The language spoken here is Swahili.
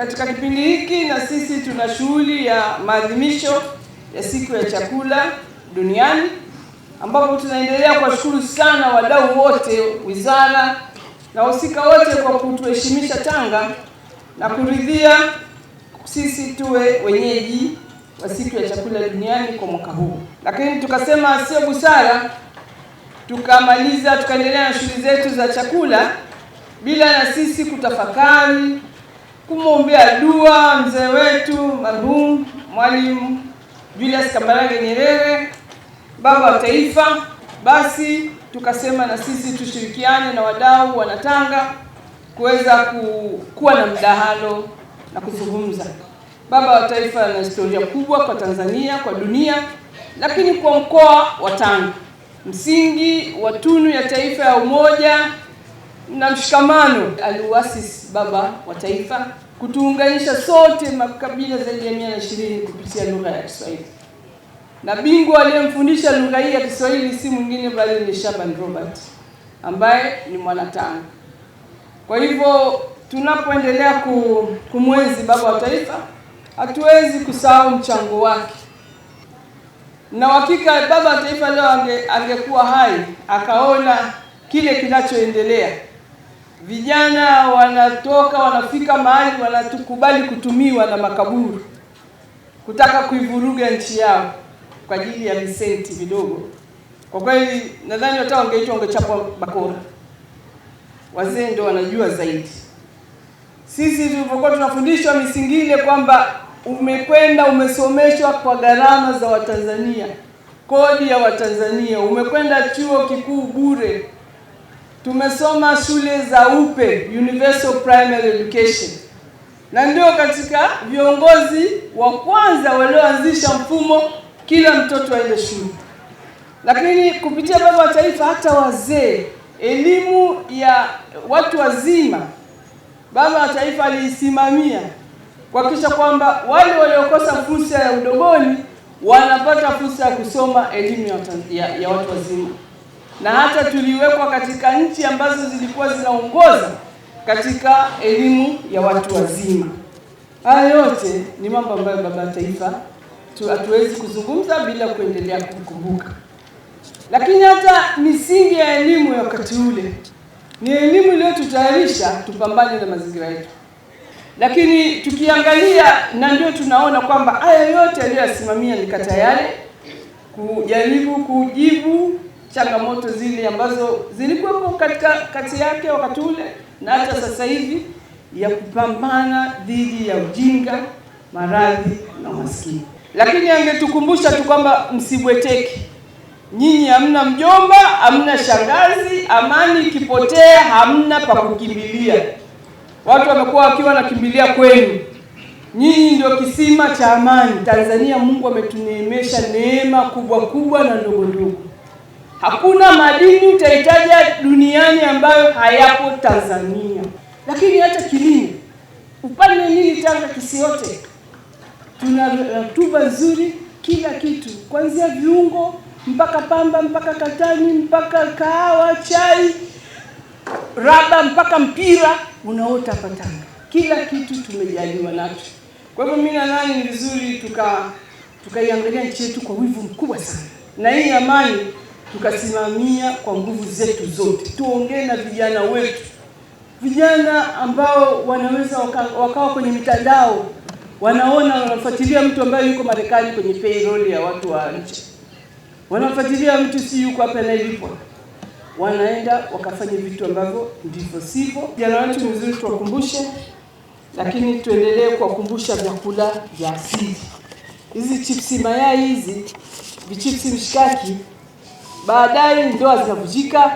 Katika kipindi hiki na sisi tuna shughuli ya maadhimisho ya siku ya chakula duniani ambapo tunaendelea kuwashukuru sana wadau wote, wizara na wahusika wote kwa kutuheshimisha Tanga na kuridhia sisi tuwe wenyeji wa siku ya chakula duniani kwa mwaka huu. Lakini tukasema sio busara tukamaliza tukaendelea na shughuli zetu za chakula bila na sisi kutafakari kumwombea dua mzee wetu marhumu Mwalimu Julius Kambarage Nyerere, baba wa taifa. Basi tukasema na sisi tushirikiane na wadau wanatanga kuweza kuwa na mdahalo na kuzungumza. Baba wa taifa ana historia kubwa kwa Tanzania, kwa dunia, lakini kwa mkoa wa Tanga, msingi wa tunu ya taifa ya umoja na mshikamano aliuasis Baba wa Taifa kutuunganisha sote makabila zaidi ya mia na ishirini kupitia lugha ya Kiswahili, na bingwa aliyemfundisha lugha hii ya Kiswahili si mwingine bali ni Shaban Robert ambaye ni Mwanatanga. Kwa hivyo tunapoendelea kumwenzi Baba wa Taifa hatuwezi kusahau mchango wake na hakika baba wa taifa leo ange, angekuwa hai akaona kile kinachoendelea vijana wanatoka wanafika mahali wanatukubali kutumiwa na makaburu kutaka kuivuruga nchi yao kwa ajili ya visenti vidogo. Kwa kweli nadhani hata wangeitwa wangechapwa bakora. Wazee ndio wanajua zaidi. Sisi tulivyokuwa tunafundishwa Misingile kwamba umekwenda umesomeshwa kwa gharama za Watanzania, kodi ya Watanzania, umekwenda chuo kikuu bure tumesoma shule za UPE, universal primary education, na ndio katika viongozi wa kwanza walioanzisha mfumo kila mtoto aende shule. Lakini kupitia baba wa taifa, hata wazee, elimu ya watu wazima, baba wa taifa aliisimamia kuhakikisha kwamba wale waliokosa fursa ya udogoni wanapata fursa ya kusoma elimu ya, ya, ya watu wazima na hata tuliwekwa katika nchi ambazo zilikuwa zinaongoza katika elimu ya watu wazima. Haya yote ni mambo ambayo baba taifa hatuwezi kuzungumza bila kuendelea kukumbuka, lakini hata misingi ya elimu ya wakati ule ni elimu iliyotutayarisha tupambane na mazingira yetu, lakini tukiangalia, na ndio tunaona kwamba haya yote aliyoyasimamia ni kata yale kujaribu kujibu changamoto zile ambazo zilikuwepo katika kati yake wakati ule na hata sasa hivi ya kupambana dhidi ya ujinga, maradhi na umaskini. Lakini angetukumbusha tu kwamba msibweteki, nyinyi hamna mjomba, hamna shangazi. Amani ikipotea hamna pa kukimbilia. Watu wamekuwa wakiwa wanakimbilia kwenu, nyinyi ndio kisima cha amani Tanzania. Mungu ametuneemesha neema kubwa kubwa na ndogo ndogo Hakuna madini utahitaja duniani ambayo hayapo Tanzania. Lakini hata kilimo, upande nini Tanga kisiote, tuna eh, rutuba nzuri, kila kitu, kuanzia viungo mpaka pamba mpaka katani mpaka kahawa, chai, raba mpaka mpira unaota hapa Tanga. Kila kitu tumejaliwa nacho. Kwa hivyo mimi nani ni vizuri tukaiangalia tuka nchi yetu kwa wivu mkubwa sana, na hii amani tukasimamia kwa nguvu zetu zote, tuongee na vijana wetu, vijana ambao wanaweza wakawa waka kwenye mitandao wanaona wanafuatilia mtu ambaye yuko Marekani kwenye payroll ya watu wa nje, wanafuatilia mtu si yuko hapa analipwa, wanaenda wakafanya vitu ambavyo ndivyo sivyo. Vijana wetu ni vizuri tuwakumbushe, lakini tuendelee kuwakumbusha vyakula vya asili. Hizi chipsi mayai, hizi vichipsi mshikaki baadaye ndoa zikavunjika,